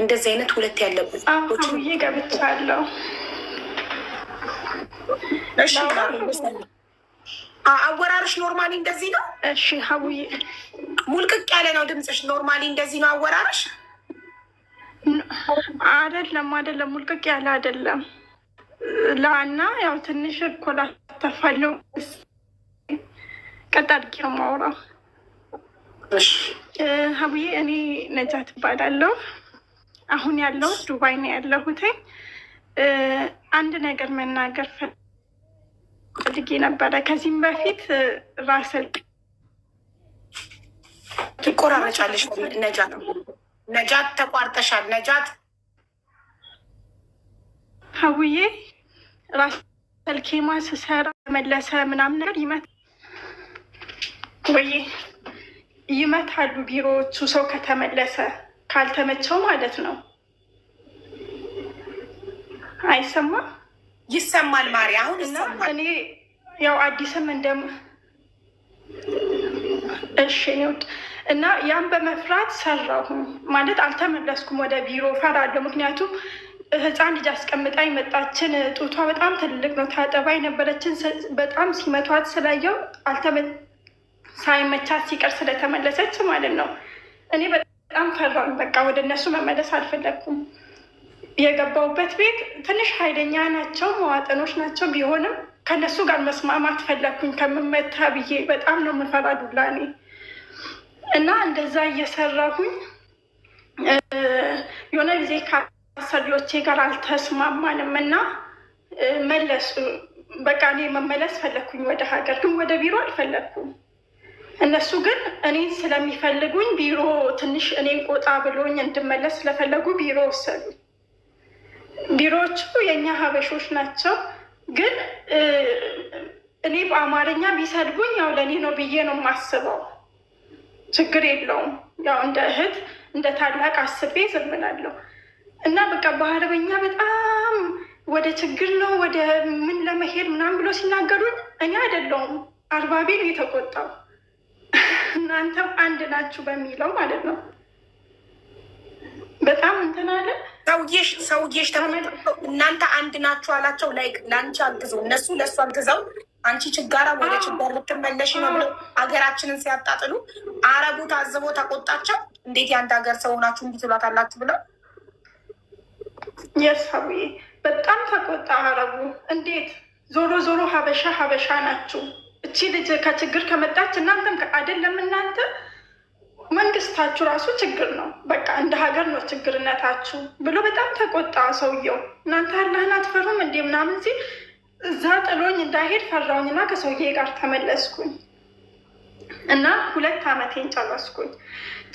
እንደዚህ አይነት ሁለት ያለብን አሁዬ ገብቻለሁ። አወራርሽ ኖርማሊ እንደዚህ ነው። እሺ ሀቡዬ ሙልቅቅ ያለ ነው ድምፅሽ። ኖርማሊ እንደዚህ ነው አወራርሽ። አደለም አደለም፣ ሙልቅቅ ያለ አደለም። ላና ያው ትንሽ እኮላ ተፋለው ቀጥ አድርጌ ሀቡዬ እኔ ነጃት እባላለሁ። አሁን ያለሁት ዱባይ ነው ያለሁትኝ። አንድ ነገር መናገር ፈልጌ ነበረ። ከዚህም በፊት ራስ ትቆራረጫለሽ። ነጃት ነጃት ተቋርጠሻል። ነጃት ሀውዬ ራስ ሰልኬማ ስሰራ መለሰ ምናምን ነገር ይመት ወይ ይመታሉ ቢሮዎቹ ሰው ከተመለሰ ካልተመቸው ማለት ነው። አይሰማም? ይሰማል ማሪ። አሁን እኔ ያው አዲስም እንደ እሺ እና ያም በመፍራት ሰራሁም ማለት አልተመለስኩም ወደ ቢሮ ፈራለሁ። ምክንያቱም ህፃን ልጅ አስቀምጣ መጣችን። ጡቷ በጣም ትልቅ ነው። ታጠባ የነበረችን በጣም ሲመቷት ስላየው ሳይመቻት ሲቀር ስለተመለሰች ማለት ነው እኔ በጣም ፈራን። በቃ ወደ እነሱ መመለስ አልፈለግኩም። የገባውበት ቤት ትንሽ ኃይለኛ ናቸው፣ መዋጠኖች ናቸው። ቢሆንም ከነሱ ጋር መስማማት ፈለግኩኝ ከምመታ ብዬ በጣም ነው የምፈራ ዱላ እኔ እና እንደዛ እየሰራሁኝ የሆነ ጊዜ ከአሰሪዎቼ ጋር አልተስማማንም እና መለሱ። በቃ እኔ መመለስ ፈለግኩኝ ወደ ሀገር፣ ግን ወደ ቢሮ አልፈለግኩም። እነሱ ግን እኔን ስለሚፈልጉኝ ቢሮ ትንሽ እኔን ቆጣ ብሎኝ እንድመለስ ስለፈለጉ ቢሮ ወሰዱ። ቢሮዎቹ የእኛ ሀበሾች ናቸው። ግን እኔ በአማርኛ ቢሰድቡኝ ያው ለእኔ ነው ብዬ ነው የማስበው። ችግር የለውም። ያው እንደ እህት እንደ ታላቅ አስቤ ዝም እና በቃ በአረበኛ በጣም ወደ ችግር ነው ወደ ምን ለመሄድ ምናምን ብሎ ሲናገሩኝ እኔ አይደለውም አርባቤ ነው የተቆጣው። እናንተም አንድ ናችሁ በሚለው ማለት ነው። በጣም እንትን አለ ሰውዬሽ ሰውዬሽ እናንተ አንድ ናችሁ አላቸው። ላይክ ለአንቺ አግዘው እነሱ ለእሱ አግዘው አንቺ ችጋራ ወደ ችጋር ልትመለሽ ነው ብለው ሀገራችንን ሲያጣጥሉ አረቡ ታዝቦ ተቆጣቸው። እንዴት የአንድ ሀገር ሰው ናችሁ እንዲህ ትሏታላችሁ ብለው የሰው በጣም ተቆጣ አረቡ። እንዴት ዞሮ ዞሮ ሀበሻ ሀበሻ ናችሁ እቺ ልጅ ከችግር ከመጣች እናንተም አይደለም እናንተ መንግስታችሁ ራሱ ችግር ነው፣ በቃ እንደ ሀገር ነው ችግርነታችሁ ብሎ በጣም ተቆጣ ሰውየው። እናንተ አላህን አትፈሩም እንዴ ምናምን ሲል እዛ ጥሎኝ እንዳይሄድ ፈራውኝና ከሰውዬ ጋር ተመለስኩኝ እና ሁለት ዓመቴን ጨረስኩኝ።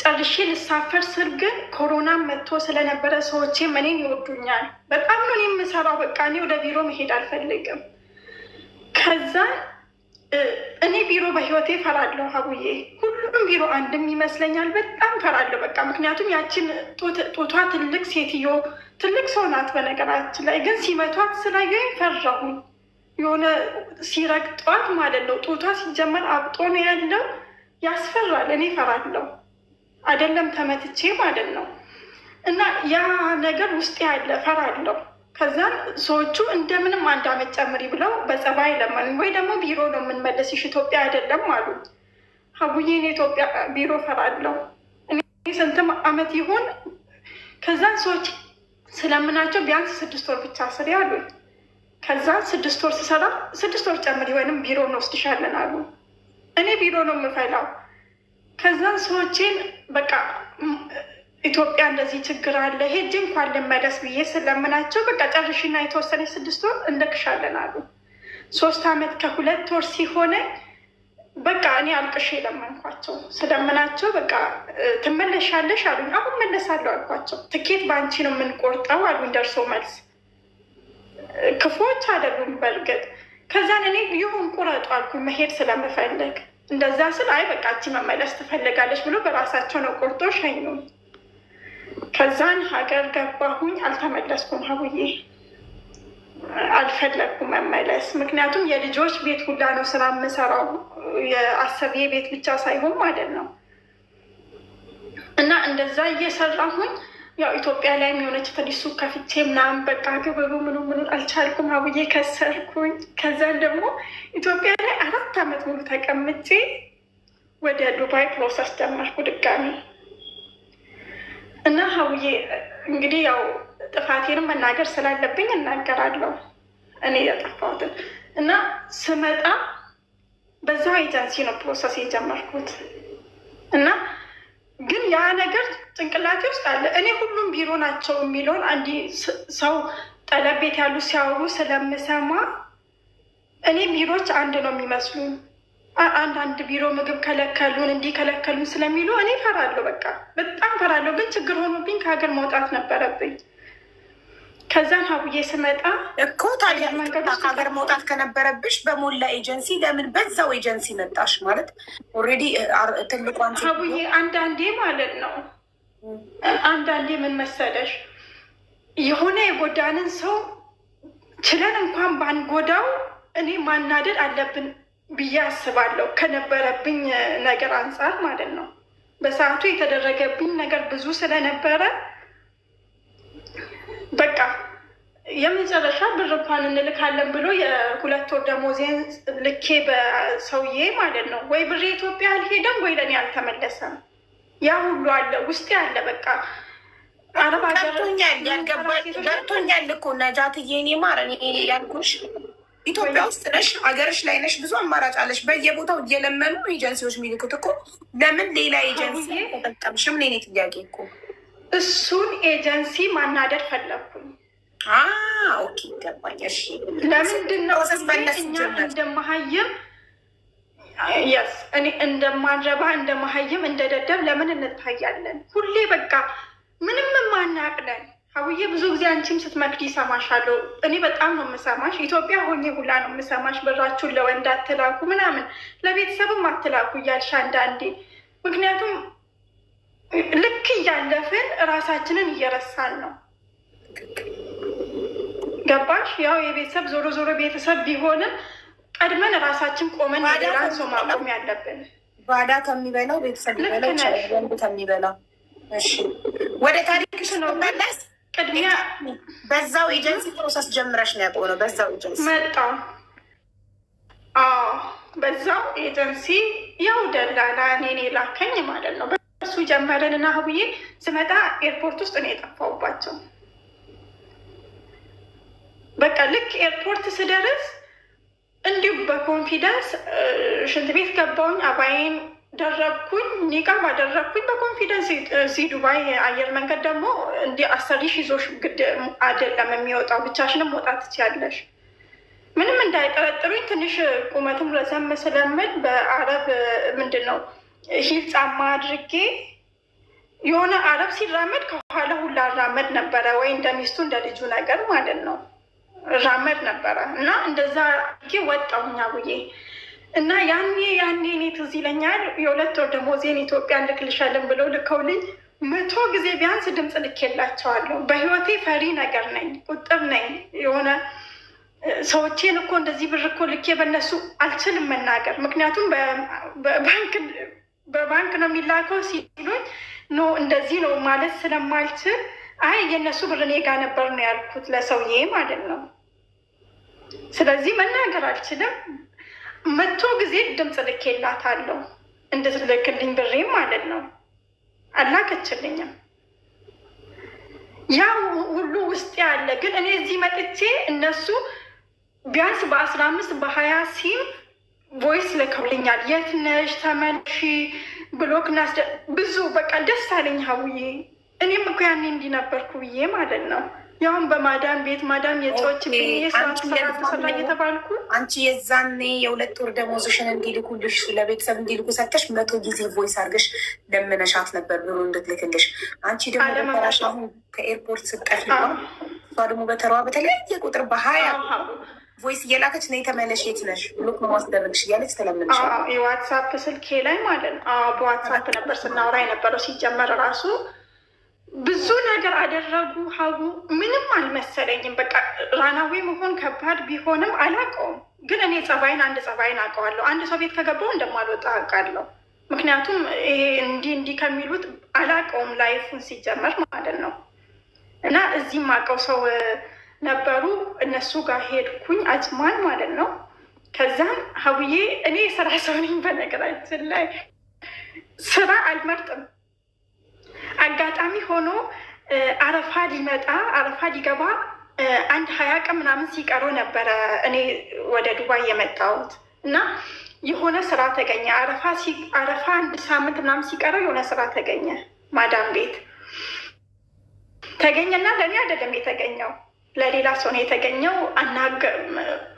ጨርሼ ልሳፈር ስር ግን ኮሮና መጥቶ ስለነበረ ሰዎቼ እኔን ይወዱኛል። በጣም ነው የምሰራው። በቃ እኔ ወደ ቢሮ መሄድ አልፈልግም ከዛ እኔ ቢሮ በህይወቴ ፈራለሁ አቡዬ። ሁሉም ቢሮ አንድም ይመስለኛል። በጣም ፈራለሁ በቃ። ምክንያቱም ያችን ጦቷ ትልቅ ሴትዮ ትልቅ ሰው ናት። በነገራችን ላይ ግን ሲመቷት ስላየሁኝ ፈራሁኝ። የሆነ ሲረግጧት ማለት ነው። ጦቷ ሲጀመር አብጦ ነው ያለው። ያስፈራል። እኔ ፈራለሁ አይደለም ተመትቼ ማለት ነው። እና ያ ነገር ውስጥ ያለ ፈራለሁ ከዛም ሰዎቹ እንደምንም አንድ አመት ጨምሪ ብለው በጸባይ ለመን ወይ ደግሞ ቢሮ ነው የምንመለስሽ ኢትዮጵያ አይደለም አሉ። ሀቡዬን የኢትዮጵያ ቢሮ ፈራለው እኔ ስንትም አመት ይሁን። ከዛን ሰዎች ስለምናቸው ቢያንስ ስድስት ወር ብቻ ስሪ አሉ። ከዛ ስድስት ወር ስሰራ ስድስት ወር ጨምሪ ወይንም ቢሮ እንወስድሻለን አሉ። እኔ ቢሮ ነው የምፈላው። ከዛን ሰዎቼን በቃ ኢትዮጵያ እንደዚህ ችግር አለ፣ ሄጅ እንኳን ልመለስ ብዬ ስለምናቸው በቃ ጨርሽና የተወሰነ ስድስት ወር እንደክሻለን አሉ። ሶስት አመት ከሁለት ወር ሲሆነ በቃ እኔ አልቅሼ ለመንኳቸው ስለምናቸው በቃ ትመለሻለሽ አሉኝ። አሁን መለሳለሁ አልኳቸው። ትኬት በአንቺ ነው የምንቆርጠው አሉኝ። ደርሶ መልስ ክፉዎች አይደሉም በእርግጥ ከዛን እኔ ይሁን ቁረጡ አልኩኝ መሄድ ስለምፈልግ እንደዛ ስል አይ በቃ አንቺ መመለስ ትፈልጋለች ብሎ በራሳቸው ነው ቆርጦ ሸኙ። ከዛን ሀገር ገባሁኝ። አልተመለስኩም ሀቡዬ አልፈለግኩም መመለስ። ምክንያቱም የልጆች ቤት ሁላ ነው ስራ የምሰራው የአሰብ ቤት ብቻ ሳይሆን ማለት ነው። እና እንደዛ እየሰራሁኝ ያው ኢትዮጵያ ላይ የሆነች ፈሊሱ ሱቅ ከፍቼ ምናምን በቃ ግብሩ ምኑ ምኑ አልቻልኩም አብዬ ከሰርኩኝ። ከዛን ደግሞ ኢትዮጵያ ላይ አራት አመት ሙሉ ተቀምጬ ወደ ዱባይ ፕሮሰስ ጀመርኩ ድጋሚ እና ሀውዬ እንግዲህ ያው ጥፋቴንም መናገር ስላለብኝ እናገራለሁ እኔ ያጠፋሁትን እና ስመጣ በዛው ኤጀንሲ ነው ፕሮሰስ የጀመርኩት እና ግን ያ ነገር ጭንቅላቴ ውስጥ አለ። እኔ ሁሉም ቢሮ ናቸው የሚለውን አንድ ሰው ጠለቤት ያሉ ሲያወሩ ስለምሰማ እኔ ቢሮች አንድ ነው የሚመስሉኝ አንዳንድ ቢሮ ምግብ ከለከሉን እንዲህ ከለከሉን ስለሚሉ እኔ ፈራለሁ። በቃ በጣም ፈራለሁ። ግን ችግር ሆኖብኝ ከሀገር መውጣት ነበረብኝ። ከዛን ሀቡዬ ስመጣ እኮ ታዲያ ከሀገር መውጣት ከነበረብሽ በሞላ ኤጀንሲ ለምን በዛው ኤጀንሲ መጣሽ? ማለት ኦልሬዲ ትልቋን ሀቡዬ አንዳንዴ ማለት ነው አንዳንዴ ምን መሰለሽ የሆነ የጎዳንን ሰው ችለን እንኳን ባንጎዳው እኔ ማናደድ አለብን ብዬ አስባለሁ ከነበረብኝ ነገር አንጻር ማለት ነው። በሰዓቱ የተደረገብኝ ነገር ብዙ ስለነበረ በቃ የመጨረሻ ብር እንኳን እንልካለን ብሎ የሁለት ወር ደሞዜን ልኬ በሰውዬ ማለት ነው ወይ ብር ኢትዮጵያ አልሄደም ወይ ለእኔ አልተመለሰም። ያ ሁሉ አለ ውስጤ አለ። በቃ ቀርቶኛል፣ ያልገባኝ ቀርቶኛል እኮ ነጃትዬ። እኔ ማር ያልኩሽ ኢትዮጵያ ውስጥ ነሽ፣ ሀገርሽ ላይ ነሽ፣ ብዙ አማራጭ አለሽ። በየቦታው እየለመኑ ኤጀንሲዎች የሚልኩት እኮ ለምን ሌላ ኤጀንሲ ተጠቀምሽም? ሌኔ ጥያቄ እኮ እሱን ኤጀንሲ ማናደድ ፈለግኩኝ። ኦኬ እንደማሀየም ለምንድን ነው የስ እኔ እንደማንረባ እንደደደብ ለምን እንታያለን? ሁሌ በቃ ምንም የማናቅለን አቡዬ ብዙ ጊዜ አንቺም ስትመክድ ይሰማሻለሁ። እኔ በጣም ነው የምሰማሽ። ኢትዮጵያ ሆኜ ሁላ ነው የምሰማሽ። ብራችሁን ለወንድ አትላኩ ምናምን፣ ለቤተሰብም አትላኩ እያልሽ አንዳንዴ ምክንያቱም ልክ እያለፍን እራሳችንን እየረሳን ነው። ገባሽ? ያው የቤተሰብ ዞሮ ዞሮ ቤተሰብ ቢሆንም ቀድመን እራሳችን ቆመን ራን ሰው ማቆም ያለብን ባዳ ከሚበላው ቤተሰብ ሊበላ ወንድ ከሚበላው። ወደ ታሪክሽ ነው መለስ ቅድሚያ በዛው ኤጀንሲ ፕሮሰስ ጀምረሽ ነው ያቆመው። በዛው ኤጀንሲ መጣ። አዎ በዛው ኤጀንሲ ያው ደላላ እኔን የላከኝ ማለት ነው። በሱ ጀመርን እና አሁዬ ስመጣ ኤርፖርት ውስጥ ነው የጠፋሁባቸው። በቃ ልክ ኤርፖርት ስደርስ እንዲሁ በኮንፊደንስ ሽንት ቤት ገባሁኝ አባይን ደረግኩኝ ኒቃብ አደረግኩኝ በኮንፊደንስ እዚህ ዱባይ አየር መንገድ ደግሞ እንዲ አሰሪሽ ይዞሽ ግድ አይደለም የሚወጣው ብቻሽንም መውጣት ትችያለሽ ምንም እንዳይጠረጥሩኝ ትንሽ ቁመትም ረዘም ስለምል በአረብ ምንድን ነው ሂል ጫማ አድርጌ የሆነ አረብ ሲራመድ ከኋላ ሁላ ራመድ ነበረ ወይ እንደ ሚስቱ እንደ ልጁ ነገር ማለት ነው ራመድ ነበረ እና እንደዛ ወጣሁኛ ጉዬ እና ያኔ ያኔ እኔ ትዝ ይለኛል የሁለት ወር ደሞዜን ኢትዮጵያ እንልክልሻለን ብለው ልከውልኝ መቶ ጊዜ ቢያንስ ድምፅ ልኬላቸዋለሁ። በህይወቴ ፈሪ ነገር ነኝ፣ ቁጥብ ነኝ። የሆነ ሰዎቼን እኮ እንደዚህ ብር እኮ ልኬ በነሱ አልችልም መናገር፣ ምክንያቱም በባንክ ነው የሚላከው ሲሉኝ ኖ እንደዚህ ነው ማለት ስለማልችል አይ የእነሱ ብር እኔ ጋ ነበር ነው ያልኩት፣ ለሰውዬ ማለት ነው። ስለዚህ መናገር አልችልም። መቶ ጊዜ ድምፅ ልኬላታለሁ እንድትልክልኝ ብሬም ማለት ነው። አላከችልኝም። ያ ሁሉ ውስጥ ያለ ግን እኔ እዚህ መጥቼ እነሱ ቢያንስ በአስራ አምስት በሀያ ሲም ቮይስ ልከውልኛል። የት ነሽ ተመልሺ፣ ብሎክ ናስደ ብዙ በቃ ደስ አለኝ ሀውዬ። እኔም እኮ ያኔ እንዲህ ብዬ ማለት ነው። ያሁን በማዳም ቤት ማዳም የሰዎች ሰራ እየተባልኩ አንቺ የዛኔ የሁለት ወር ደሞዝሽን እንዲልኩልሽ ለቤተሰብ እንዲልኩ ሰተሽ መቶ ጊዜ ቮይስ አርገሽ ለምነሻት ነበር ብሩ እንድትልክልሽ። አንቺ ደግሞ አሁን ከኤርፖርት ስጠፊ እሷ ደግሞ በተረዋ በተለያየ ቁጥር በሀያ ቮይስ እየላከች ነው የተመለሽ የት ነሽ ብሎክ ማስደረግሽ እያለች ተለምነሽ የዋትሳፕ ስልኬ ላይ ማለት ነው። በዋትሳፕ ነበር ስናወራ የነበረው ሲጀመር ራሱ ብዙ ነገር አደረጉ። ሀቡ ምንም አልመሰለኝም። በቃ ራናዊ መሆን ከባድ ቢሆንም አላውቀውም፣ ግን እኔ ጸባይን አንድ ጸባይን አውቀዋለሁ። አንድ ሰው ቤት ከገባው እንደማልወጣ አውቃለሁ። ምክንያቱም ይሄ እንዲህ እንዲህ ከሚሉት አላውቀውም፣ ላይፉን ሲጀመር ማለት ነው። እና እዚህም አውቀው ሰው ነበሩ፣ እነሱ ጋር ሄድኩኝ አጅማን ማለት ነው። ከዛም ሀቡዬ እኔ የስራ ሰው ነኝ፣ በነገራችን ላይ ስራ አልመርጥም አጋጣሚ ሆኖ አረፋ ሊመጣ አረፋ ሊገባ አንድ ሀያ ቀን ምናምን ሲቀረው ነበረ እኔ ወደ ዱባይ የመጣሁት እና የሆነ ስራ ተገኘ። አረፋ አንድ ሳምንት ምናምን ሲቀረው የሆነ ስራ ተገኘ ማዳም ቤት ተገኘና ለእኔ አይደለም የተገኘው ለሌላ ሰው ነው የተገኘው። አናገ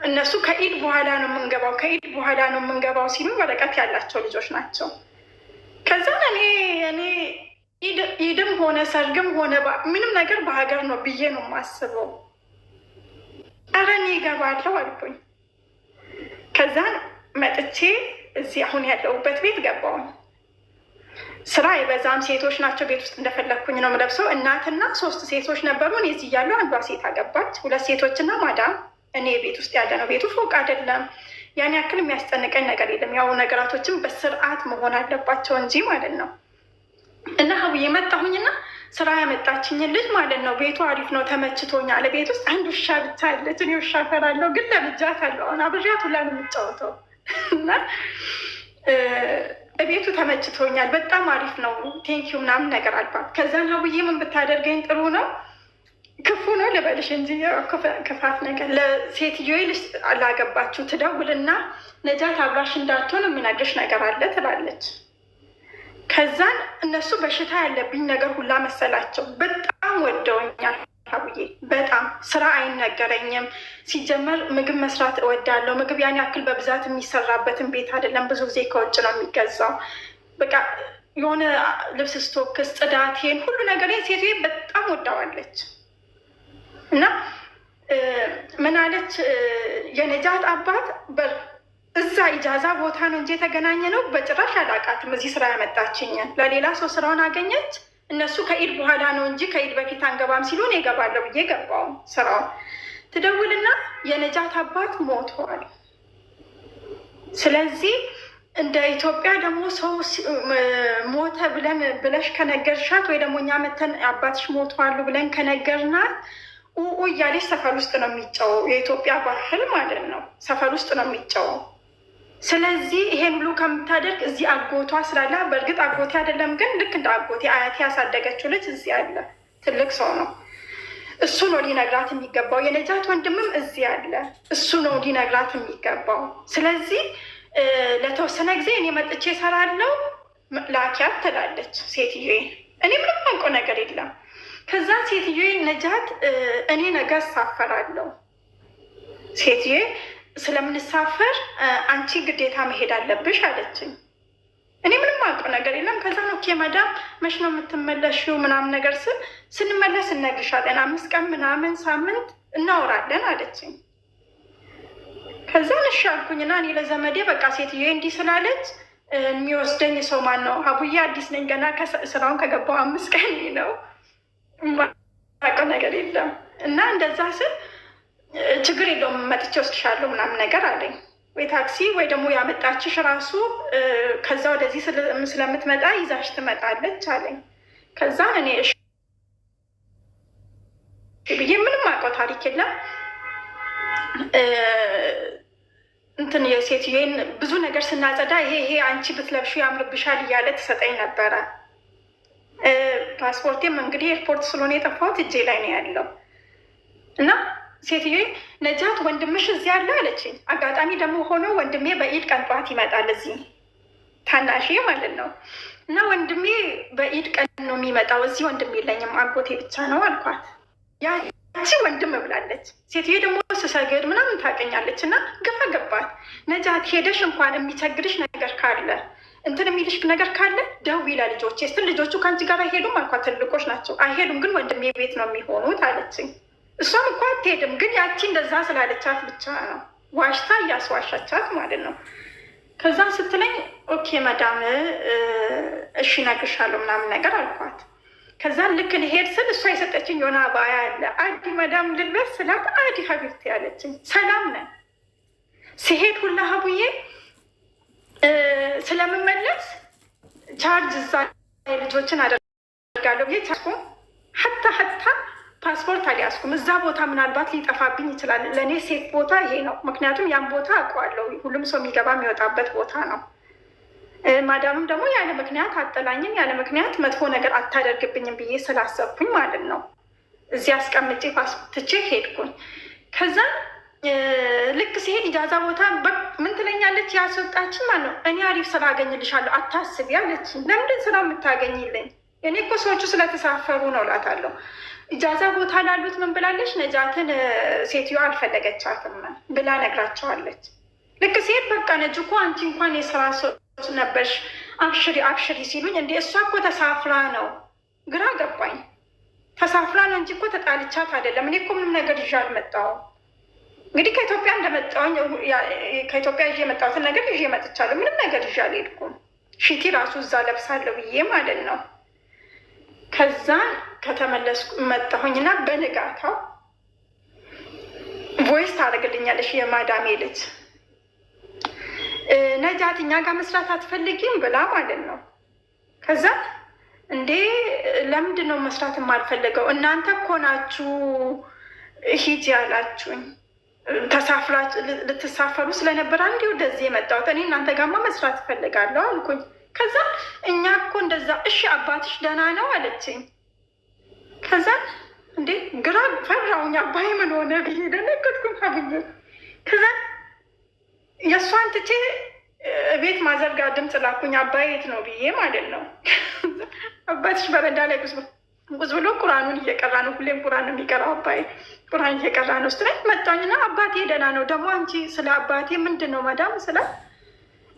እነሱ ከኢድ በኋላ ነው የምንገባው ከኢድ በኋላ ነው የምንገባው ሲሉ ወረቀት ያላቸው ልጆች ናቸው። ከዛን እኔ እኔ ኢድም ሆነ ሰርግም ሆነ ምንም ነገር በሀገር ነው ብዬ ነው የማስበው። አረ እኔ እገባለሁ አልኩኝ። ከዛ መጥቼ እዚህ አሁን ያለሁበት ቤት ገባውን። ስራ የበዛም ሴቶች ናቸው። ቤት ውስጥ እንደፈለግኩኝ ነው የምለብሰው። እናትና ሶስት ሴቶች ነበሩ። እኔ እዚህ እያለሁ አንዷ ሴት አገባች። ሁለት ሴቶችና ማዳም። እኔ ቤት ውስጥ ያለ ነው። ቤቱ ፎቅ አይደለም። ያን ያክል የሚያስጨንቀኝ ነገር የለም። ያው ነገራቶችን በስርዓት መሆን አለባቸው እንጂ ማለት ነው እና ሀዊ የመጣሁኝና ስራ ያመጣችኝ ልጅ ማለት ነው። ቤቱ አሪፍ ነው ተመችቶኛል። ቤት ውስጥ አንድ ውሻ ብቻ አለች። እኔ ውሻ ፈራለሁ፣ ግን ለምጃት አለው አሁን አብዣት ሁላ ነው የምጫወተው እና ቤቱ ተመችቶኛል። በጣም አሪፍ ነው። ቴንኪዩ ምናምን ነገር አልባት። ከዛን ሀቡዬ ምን ብታደርገኝ ጥሩ ነው ክፉ ነው ልበልሽ እንጂ ክፋት ነገር ለሴትዮ ልጅ አላገባችሁ ትደውልና ነጃት አብራሽ እንዳትሆን የሚነግርሽ ነገር አለ ትላለች። ከዛን እነሱ በሽታ ያለብኝ ነገር ሁላ መሰላቸው። በጣም ወደውኛል። ሀብዬ በጣም ስራ አይነገረኝም። ሲጀመር ምግብ መስራት እወዳለሁ። ምግብ ያን ያክል በብዛት የሚሰራበትን ቤት አይደለም። ብዙ ጊዜ ከውጭ ነው የሚገዛው። በቃ የሆነ ልብስ ስቶክስ፣ ጽዳቴን፣ ሁሉ ነገር ሴት በጣም ወዳዋለች እና ምን አለች የነጃት አባት እዛ ኢጃዛ ቦታ ነው እንጂ የተገናኘ ነው። በጭራሽ አላቃትም። እዚህ ስራ ያመጣችኝን ለሌላ ሰው ስራውን አገኘች። እነሱ ከኢድ በኋላ ነው እንጂ ከኢድ በፊት አንገባም ሲሉ ሲሉን የገባለሁ ብዬ ገባው ስራው ትደውልና የነጃት አባት ሞተዋል። ስለዚህ እንደ ኢትዮጵያ ደግሞ ሰው ሞተ ብለን ብለሽ ከነገርሻት ወይ ደግሞ እኛ መተን አባትሽ ሞተዋሉ ብለን ከነገርናት ኡ እያለች ሰፈር ውስጥ ነው የሚጨወው። የኢትዮጵያ ባህል ማለት ነው። ሰፈር ውስጥ ነው የሚጨወው። ስለዚህ ይሄን ሁሉ ከምታደርግ እዚህ አጎቷ ስላለ፣ በእርግጥ አጎቴ አይደለም ግን ልክ እንደ አጎቴ አያቴ ያሳደገችው ልጅ እዚህ አለ፣ ትልቅ ሰው ነው። እሱ ነው ሊነግራት የሚገባው። የነጃት ወንድምም እዚህ አለ፣ እሱ ነው ሊነግራት የሚገባው። ስለዚህ ለተወሰነ ጊዜ እኔ መጥቼ እሰራለሁ ላኪያት ትላለች ሴትዮ። እኔ ምንም ማውቀው ነገር የለም። ከዛ ሴትዮ ነጃት እኔ ነገ እሳፈራለሁ ሴትዮ ስለምንሳፈር አንቺ ግዴታ መሄድ አለብሽ አለችኝ። እኔ ምንም አውቀው ነገር የለም። ከዛ ነው ኬመዳም መች ነው የምትመለሺው ምናምን ነገር ስል ስንመለስ እነግርሻለን፣ አምስት ቀን ምናምን ሳምንት እናወራለን አለችኝ። ከዛን እሺ አልኩኝና እኔ ለዘመዴ በቃ ሴትዮ እንዲህ ስላለች የሚወስደኝ ሰው ማን ነው? አቡዬ አዲስ ነኝ ገና ስራውን ከገባው አምስት ቀን ነው። አውቀው ነገር የለም እና እንደዛ ስል ችግር የለውም መጥቼ ወስድሻለሁ ምናምን ነገር አለኝ። ወይ ታክሲ ወይ ደግሞ ያመጣችሽ ራሱ ከዛ ወደዚህ ስለምትመጣ ይዛሽ ትመጣለች አለኝ። ከዛ እኔ እሺ ብዬ ምንም አውቀው ታሪክ የለም እንትን የሴትዮን ብዙ ነገር ስናጸዳ ይሄ ይሄ አንቺ ብትለብሹ ያምርብሻል እያለ ትሰጠኝ ነበረ። ፓስፖርቴም እንግዲህ ኤርፖርት ስለሆነ የጠፋሁት እጄ ላይ ነው ያለው እና ሴትዬ ነጃት ወንድምሽ እዚህ አለ አለችኝ። አጋጣሚ ደግሞ ሆኖ ወንድሜ በኢድ ቀን ጠዋት ይመጣል እዚህ ታናሽ ማለት ነው። እና ወንድሜ በኢድ ቀን ነው የሚመጣው እዚህ ወንድም የለኝም አጎቴ ብቻ ነው አልኳት። ያቺ ወንድም ብላለች። ሴትዬ ደግሞ ስሰግድ ምናምን ታገኛለች እና ግፋ ገባት። ነጃት ሄደሽ እንኳን የሚቸግርሽ ነገር ካለ እንትን የሚልሽ ነገር ካለ ደውዪ ለልጆቼ ስትል ልጆቹ ከአንቺ ጋር አይሄዱም አልኳት። ትልቆች ናቸው አይሄዱም፣ ግን ወንድሜ ቤት ነው የሚሆኑት አለችኝ። እሷም እኮ አትሄድም፣ ግን ያቺ እንደዛ ስላለቻት ብቻ ነው ዋሽታ እያስዋሻቻት ማለት ነው። ከዛ ስትለኝ ኦኬ መዳም እሺ እነግርሻለሁ ምናምን ነገር አልኳት። ከዛ ልክ ልሄድ ስል እሷ የሰጠችኝ የሆነ አባያ አለ አዲ መዳም ልልበስ ስላት አዲ ሀቢብት ያለችኝ ሰላም ነን ሲሄድ ሁላ ሀቡዬ ስለምመለስ ቻርጅ እዛ ልጆችን አደርጋለሁ ብዬ ቻርጅ ሀታ ሀታ ፓስፖርት አልያዝኩም። እዛ ቦታ ምናልባት ሊጠፋብኝ ይችላል። ለእኔ ሴፍ ቦታ ይሄ ነው። ምክንያቱም ያን ቦታ አውቀዋለሁ። ሁሉም ሰው የሚገባ የሚወጣበት ቦታ ነው። ማዳምም ደግሞ ያለ ምክንያት አጠላኝም፣ ያለ ምክንያት መጥፎ ነገር አታደርግብኝም ብዬ ስላሰብኩኝ ማለት ነው እዚህ አስቀምጬ ፓስፖርት ትቼ ሄድኩኝ። ከዛ ልክ ሲሄድ ኢጃዛ ቦታ ምን ትለኛለች ያስወጣችን ማለት ነው። እኔ አሪፍ ስራ አገኝልሻለሁ አታስቢ አለች። ለምንድን ስራ የምታገኝልኝ? እኔ እኮ ሰዎቹ ስለተሳፈሩ ነው እላታለሁ። እጃዛ ቦታ ላሉት ምን ብላለች? ነጃትን ሴትዮ አልፈለገቻትም ብላ ነግራቸዋለች። ልክ ሴት በቃ ነጅ እኮ አንቺ እንኳን የስራ ሰት ነበርሽ፣ አብሽሪ አብሽሪ ሲሉኝ እንዲ እሷ እኮ ተሳፍራ ነው። ግራ ገባኝ። ተሳፍራ ነው እንጂ እኮ ተጣልቻት አይደለም። እኔ እኮ ምንም ነገር ይዤ አልመጣሁም። እንግዲህ ከኢትዮጵያ እንደመጣሁኝ ከኢትዮጵያ ይዤ የመጣሁትን ነገር ይዤ መጥቻለሁ። ምንም ነገር ይዤ አልሄድኩም። ሽቲ ራሱ እዛ ለብሳለሁ ብዬ ማለት ነው ከዛን ከተመለስኩ መጣሁኝና በንጋታው ቮይስ ታደርግልኛለሽ የማዳሜ ልጅ ነጃት እኛ ጋር መስራት አትፈልጊም ብላ ማለት ነው። ከዛ እንዴ ለምንድን ነው መስራት የማልፈልገው? እናንተ እኮ ናችሁ ሂጂ ያላችሁኝ ልትሳፈሩ ስለነበረ እንዲሁ ወደዚህ የመጣሁት እኔ እናንተ ጋማ መስራት እፈልጋለሁ አልኩኝ። ከዛ እኛ እኮ እንደዛ እሺ አባትሽ ደህና ነው አለችኝ። ከዛ እንዴ ግራ ፈራውኝ። አባይ ምን ሆነ ብዬ ደነገጥኩም ሀብዬ። ከዛ የእሷን ትቼ ቤት ማዘርጋ ድምፅ ላኩኝ። አባይ የት ነው ብዬ ማለት ነው። አባትሽ በረንዳ ላይ ቁጭ ብሎ ቁርአኑን እየቀራ ነው። ሁሌም ቁርአን የሚቀራው አባይ ቁርአን እየቀራ ነው። ስትለኝ መጣኝና አባቴ ደህና ነው ደግሞ አንቺ ስለ አባቴ ምንድን ነው መዳም ስለ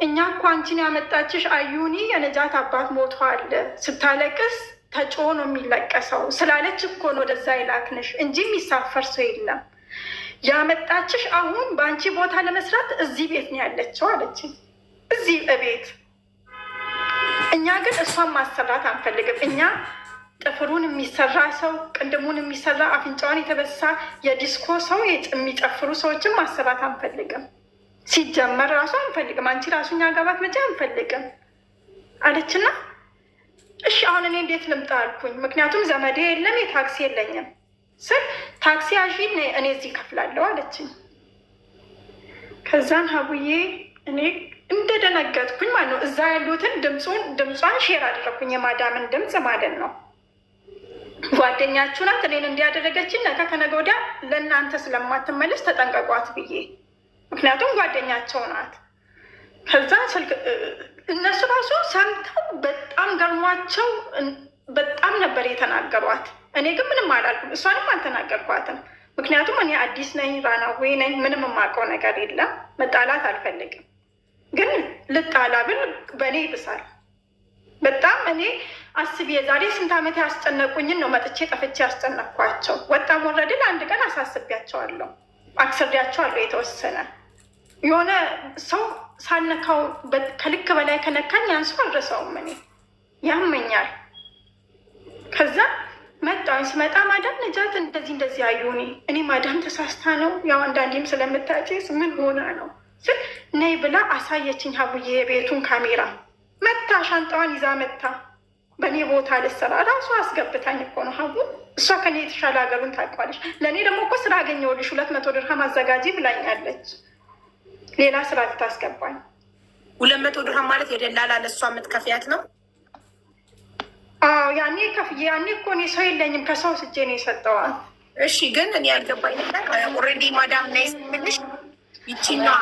እኛ እኮ አንቺን ያመጣችሽ አዩኒ የነጃት አባት ሞቷል ስታለቅስ ተጮ ነው የሚለቀሰው ስላለች እኮ ነው ወደዛ ይላክንሽ እንጂ የሚሳፈር ሰው የለም። ያመጣችሽ አሁን በአንቺ ቦታ ለመስራት እዚህ ቤት ነው ያለችው አለችኝ። እዚህ እቤት እኛ ግን እሷን ማሰራት አንፈልግም። እኛ ጥፍሩን የሚሰራ ሰው፣ ቅንድሙን የሚሰራ አፍንጫዋን የተበሳ የዲስኮ ሰው የሚጨፍሩ ሰዎችን ማሰራት አንፈልግም። ሲጀመር ራሱ አንፈልግም፣ አንቺ ራሱ ራሱኛ አጋባት መቼ አንፈልግም አለችና እሺ አሁን እኔ እንዴት ልምጣ አልኩኝ። ምክንያቱም ዘመዴ የለም የታክሲ የለኝም ስል ታክሲ አዢ እኔ እዚህ ከፍላለሁ አለችኝ። ከዛን ሀቡዬ እኔ እንደደነገጥኩኝ ማለት ነው። እዛ ያሉትን ድምፁን ድምጿን ሼር አደረግኩኝ የማዳምን ድምፅ ማለት ነው። ጓደኛችሁ ናት እኔን እንዲያደረገችን ነገ ከነገ ወዲያ ለእናንተ ስለማትመለስ ተጠንቀቋት ብዬ ምክንያቱም ጓደኛቸው ናት። ከዛ እነሱ ራሱ ሰምተው በጣም ገርሟቸው በጣም ነበር የተናገሯት። እኔ ግን ምንም አላልኩም፣ እሷንም አልተናገርኳትም። ምክንያቱም እኔ አዲስ ነኝ፣ ራናዌ ነኝ፣ ምንም የማውቀው ነገር የለም። መጣላት አልፈልግም፣ ግን ልጣላ ብል በእኔ ይብሳል። በጣም እኔ አስቤ የዛሬ ስንት ዓመት ያስጨነቁኝን ነው መጥቼ ጠፍቼ ያስጨነቅኳቸው። ወጣም ወረድን አንድ ቀን አሳስቢያቸዋለሁ፣ አክስሬያቸዋለሁ የተወሰነ የሆነ ሰው ሳነካው ከልክ በላይ ከነካኝ ያን ሰው አልረሳውም። እኔ ያመኛል። ከዛ መጣሁኝ። ስመጣ ማዳም ነጃት እንደዚህ እንደዚህ አዩኔ። እኔ ማዳም ተሳስታ ነው ያው አንዳንዴም ስለምታጭስ ምን ሆና ነው ስል ነይ ብላ አሳየችኝ። ሀቡዬ የቤቱን ካሜራ መታ ሻንጣዋን ይዛ መታ በእኔ ቦታ ልሰራ ራሱ አስገብታኝ እኮ ነው ሀቡ። እሷ ከኔ የተሻለ ሀገሩን ታውቋለች። ለእኔ ደግሞ እኮ ስራ አገኘሁልሽ ሁለት መቶ ድርሃም አዘጋጂ ብላኛለች። ሌላ ስራ ልታስገባኝ። ሁለት መቶ ድርሃም ማለት የደላላ ለእሷ የምትከፍያት ነው። አዎ ያኔ ከፍዬ ያኔ እኮ እኔ ሰው የለኝም ከሰው ስጄ ነው የሰጠዋል። እሺ ግን እኔ ያልገባኝ ኦልሬዲ ማዳም ና ስምልሽ ይችኛዋ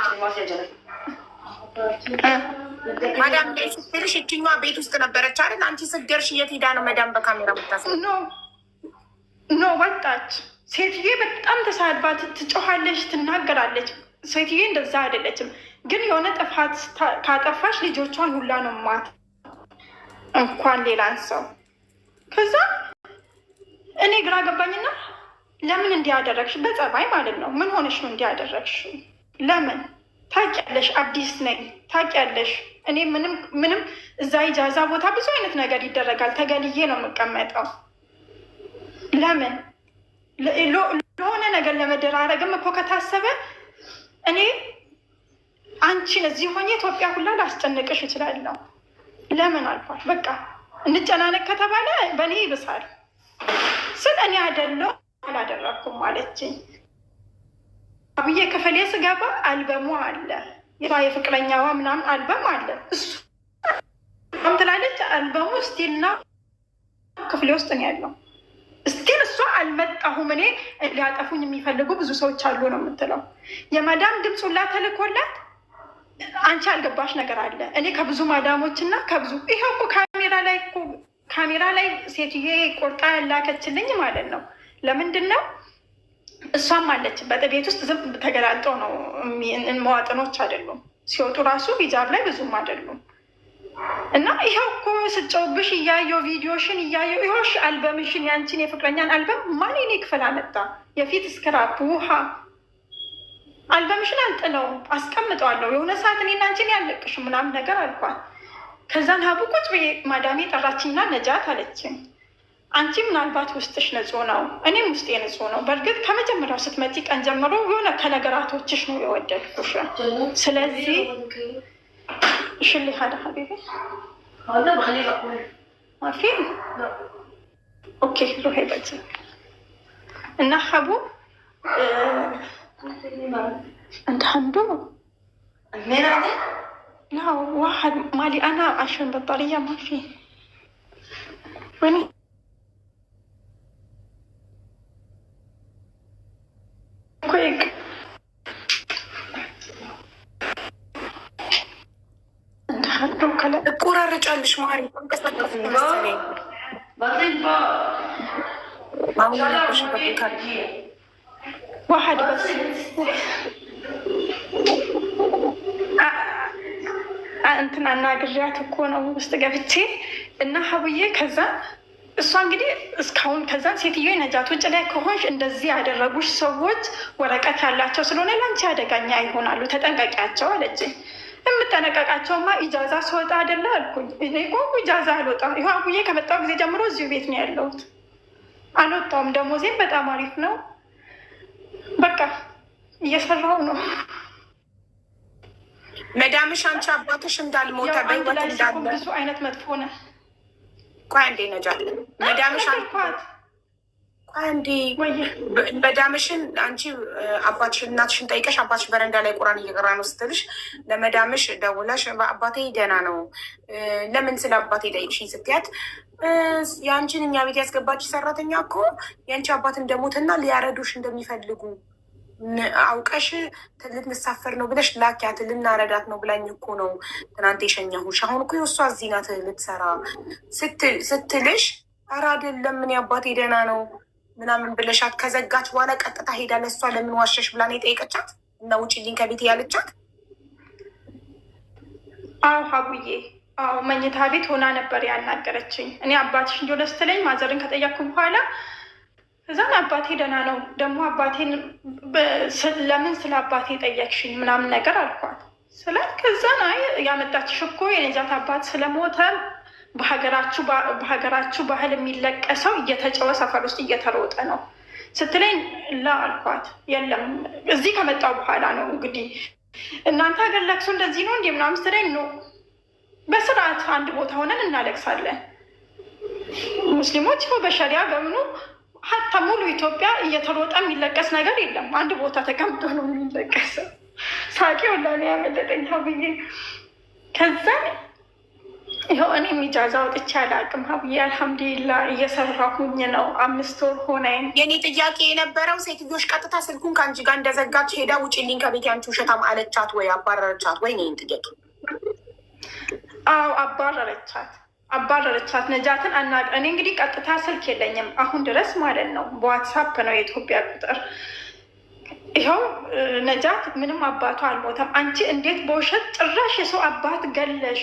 ማዳም ላይ ስትልሽ ይችኛዋ ቤት ውስጥ ነበረች አይደል? አንቺ ስትገርሽ የት ሄዳ ነው መዳም በካሜራ ምታስ ኖ ወጣች። ሴትዬ በጣም ተሳድባ ትጮኋለች፣ ትናገራለች። ሴትዬ እንደዛ አይደለችም። ግን የሆነ ጥፋት ካጠፋች ልጆቿን ሁላ ነው ማት እንኳን ሌላን ሰው ከዛ እኔ ግራ ገባኝና ለምን እንዲያደረግሽ በጸባይ ማለት ነው። ምን ሆነሽ ነው እንዲያደረግሽ? ለምን ታውቂያለሽ? አዲስ ነኝ ታውቂያለሽ። እኔ ምንም ምንም እዛ ኢጃዛ ቦታ ብዙ አይነት ነገር ይደረጋል። ተገልዬ ነው የምቀመጠው። ለምን ለሆነ ነገር ለመደራረግም እኮ ከታሰበ እኔ አንቺን እዚህ ሆኜ ኢትዮጵያ ሁላ ላስጨነቅሽ እችላለሁ። ለምን አልኳት። በቃ እንጨናነቅ ከተባለ በእኔ ይብሳል ስል እኔ አደለው አላደረግኩም አለችኝ። አብዬ ክፍሌ ስገባ አልበሙ አለ የቷ የፍቅረኛዋ ምናምን አልበም አለ እሱ ትላለች። አልበሙ ስቲልና ክፍሌ ውስጥ ነው ያለው ግን እሷ አልመጣሁም እኔ ሊያጠፉኝ የሚፈልጉ ብዙ ሰዎች አሉ ነው የምትለው። የማዳም ድምፅ ሁላ ተልኮላት አንቺ አልገባሽ ነገር አለ። እኔ ከብዙ ማዳሞች እና ከብዙ ይሄ እኮ ካሜራ ላይ ካሜራ ላይ ሴትዬ ቆርጣ ያላከችልኝ ማለት ነው። ለምንድን ነው እሷም አለችበት ቤት ውስጥ ዝም ተገላልጠው ነው መዋጥኖች አይደሉም። ሲወጡ ራሱ ሂጃብ ላይ ብዙም አይደሉም። እና ይኸው እኮ ስጨውብሽ እያየው ቪዲዮሽን እያየው ይኸውሽ አልበምሽን ያንቺን የፍቅረኛን አልበም ማን ኔ ክፍል አመጣ የፊት እስክራፕ ውሃ አልበምሽን አልጥለውም አስቀምጠዋለሁ የሆነ ሰዓት እኔ አንቺን ያለቅሽ ምናምን ነገር አልኳት። ከዛን ሀቡ ቁጭ ብዬ ማዳሜ ጠራችኝና ነጃት አለችኝ። አንቺ ምናልባት ውስጥሽ ንጹህ ነው፣ እኔም ውስጤ ንጹህ ነው። በእርግጥ ከመጀመሪያው ስትመጪ ቀን ጀምሮ የሆነ ከነገራቶችሽ ነው የወደድኩሽ። ስለዚህ ايش اللي هذا حبيبي؟ هذا بخليه مأكول ما في؟ لا اوكي روحي بعدين نحبوا آه. انت حمدو؟ مين عندك؟ لا واحد مالي انا عشان بطاريه ما في وين ትመጫለሽ ማሪ ቀሰቀስ ዋሀድ እንትን አናግሪያት እኮ ነው ውስጥ ገብቼ እና ሀብዬ ከዛ እሷ እንግዲህ እስካሁን ከዛ ሴትዮ ነጃት ውጭ ላይ ከሆንሽ እንደዚህ ያደረጉሽ ሰዎች ወረቀት ያላቸው ስለሆነ ለአንቺ አደገኛ ይሆናሉ፣ ተጠንቀቂያቸው አለችኝ። ተነቀቃቸውማ ኢጃዛ ስወጣ አይደለ አልኩኝ። እኔ እኮ ኢጃዛ አልወጣም። ይኸው አቡዬ ከመጣው ጊዜ ጀምሮ እዚሁ ቤት ነው ያለሁት። አልወጣሁም። ደሞዜም በጣም አሪፍ ነው። በቃ እየሰራው ነው። መዳምሽ አንቺ አባትሽ እንዳልሞተ በህይወት እንዳለ ብዙ አይነት መጥፎ ነ ቆይ እንዴ ነጃለ መዳምሽ አልኳት አንዴ መዳምሽን አንቺ አባትሽን እናትሽን ጠይቀሽ አባትሽ በረንዳ ላይ ቁራን እየቀራ ነው ስትልሽ ለመዳምሽ ደውለሽ በአባቴ ደህና ነው ለምን ስለ አባቴ ጠይቅሽ ስትያት የአንቺን እኛ ቤት ያስገባች ሰራተኛ እኮ የአንቺ አባት እንደሞትና ሊያረዱሽ እንደሚፈልጉ አውቀሽ ልትንሳፈር ነው ብለሽ ላኪያት ልናረዳት ነው ብላኝ እኮ ነው ትናንት የሸኘሁሽ። አሁን እኮ የእሷ እዚህ ናት ልትሰራ ስትልሽ ኧረ አይደለም እኔ አባቴ ደህና ነው ምናምን ብለሻት ከዘጋች በኋላ ቀጥታ ሄዳ ለሷ ለምን ዋሸሽ ብላን የጠየቀቻት እና ውጭልኝ ከቤት ያለቻት? አዎ ሀቡዬ፣ አዎ መኝታ ቤት ሆና ነበር ያናገረችኝ። እኔ አባትሽ እንዲሆነ ስትለኝ ማዘርን ከጠየቅኩ በኋላ እዛን አባቴ ደህና ነው ደግሞ አባቴን ለምን ስለ አባቴ ጠየቅሽኝ ምናምን ነገር አልኳት ስለ ከዛን አይ ያመጣችሽ እኮ የኔ አባት ስለሞተ በሀገራችሁ ባህል የሚለቀሰው እየተጨወ ሰፈር ውስጥ እየተሮጠ ነው ስትለኝ ላ አልኳት። የለም እዚህ ከመጣው በኋላ ነው እንግዲህ እናንተ ሀገር ለቅሶ እንደዚህ ነው እንዲ ምናምን ስትለኝ ነው በስርዓት አንድ ቦታ ሆነን እናለቅሳለን። ሙስሊሞች በሸሪያ በምኑ ሀታ ሙሉ ኢትዮጵያ እየተሮጠ የሚለቀስ ነገር የለም። አንድ ቦታ ተቀምጦ ነው የሚለቀሰው። ሳቂ ወላ ነው ብዬ ከዛ ይኸው እኔም ኢጃዛ አውጥቼ አላውቅም ሀብዬ፣ አልሐምዱሊላ እየሰራሁኝ ነው። አምስት ወር ሆነኝ። የኔ ጥያቄ የነበረው ሴትዮሽ ቀጥታ ስልኩን ከአንቺ ጋር እንደዘጋች ሄዳ ውጭልኝ ከቤት ያንቺ ውሸታም አለቻት ወይ አባረረቻት ወይ? ይህን ጥያቄ አዎ፣ አባረረቻት አባረረቻት ነጃትን አና እኔ እንግዲህ ቀጥታ ስልክ የለኝም አሁን ድረስ ማለት ነው። በዋትሳፕ ነው የኢትዮጵያ ቁጥር። ይኸው ነጃት ምንም አባቷ አልሞተም። አንቺ እንዴት በውሸት ጭራሽ የሰው አባት ገለሽ